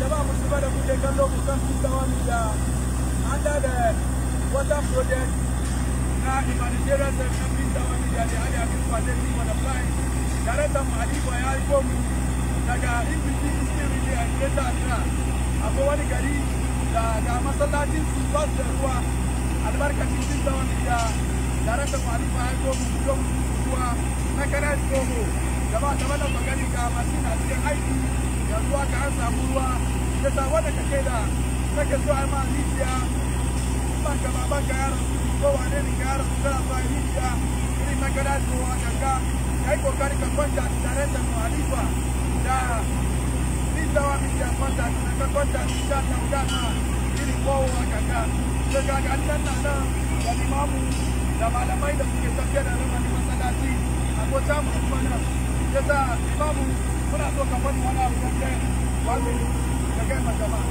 jama'a musulma da kuke kallo ku san sun zama mu da an da da wata project na humanitarian service bin da wani da ali abin kwanan ni wani fly tare da malifa ya yi mu daga ibisi isiri a greta accra akwai wani gari da ga masallacin su ba su da ruwa albarkacin bin da wani da tare da malifa ya yi mu don ruwa na kanar tsoho gaba da wannan magani ga masu na cikin aiki yanzuwa ka an samu ruwa da sabon da kake da saka su a ma rijiya banka ba banka ya rasu ko wane ne ya rasu tana sa rijiya iri magana da ruwa ganga ya yi kokari ka kwanta a tsaren da muhalifa da rijiyawa mai jan kwanta tana ka kwanta a tsaren da wuga na iri kowa ganga da gaga can na nan da limamu da malamai da suke tafiya da rama ne masalaci a kota mu kuma nan ya sa imamu suna so ka bani wani abu don kai wani da kai ma jama'a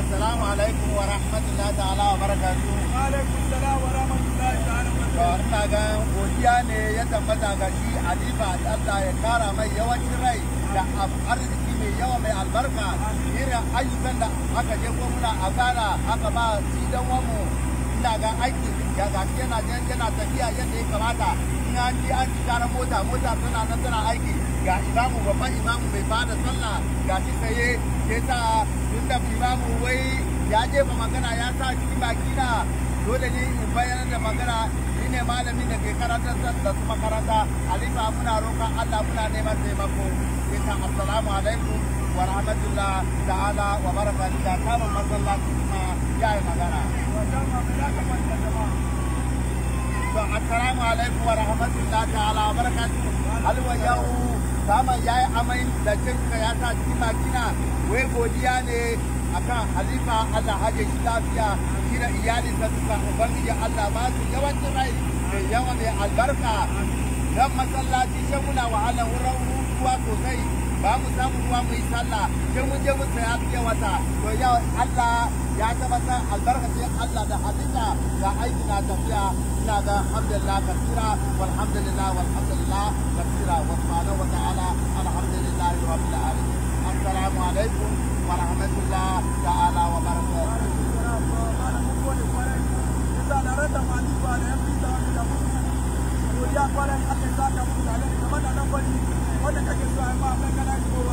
assalamu alaikum wa rahmatullahi ta'ala wa barakatuhu wa alaikum salam wa rahmatullahi ta'ala wa barakatuhu ina ga godiya ne ya tabbata ga shi alifa Allah ya kara mai yawancin rai da arziki mai yawa mai albarka irin ayyukan da aka je ko muna a bara aka ba shi dan wamu ina ga aiki ga gaskiya na tafiya yadda ya kamata in an je an gyara mota mota tana nan tana aiki ga imamu babban imamu mai da sallah ga shi saye ke sa tun da imamu wai ya jefa magana ya sa cikin baki na dole ne in bayyana da magana ni ne malamin da ke karantar da su makaranta alifa muna roƙon allah muna neman taimako ke sa assalamu alaikum wa rahmatullah ta'ala wa barakatuh da kama masallaci kuma ya yi magana. assalamu alaikum wa rahmatullahi ta'ala wa barakatuhu alwa yau saman yayi amai da cinka ya sa cikin kina wai godiya ne akan halifa Allah haje shi lafiya shi da iyalinsa duka ubangiji Allah ba su yawancin rai mai yawa mai albarka dan masallaci shaguna wahalar wurin ruwa sosai ba mu samu ruwa mu yi sallah sai mun je mu saya fiye wata to yau Allah ya tabbata albarkacin Allah da hadisa da aiki na tafiya ina ga alhamdulillah kasira walhamdulillah walhamdulillah kasira wa subhanahu wa ta'ala alhamdulillah rabbil alamin assalamu alaikum wa rahmatullah ta'ala wa barakatuh ya kwanan aka yi mutane game da nan Olha que está a imagem, é né,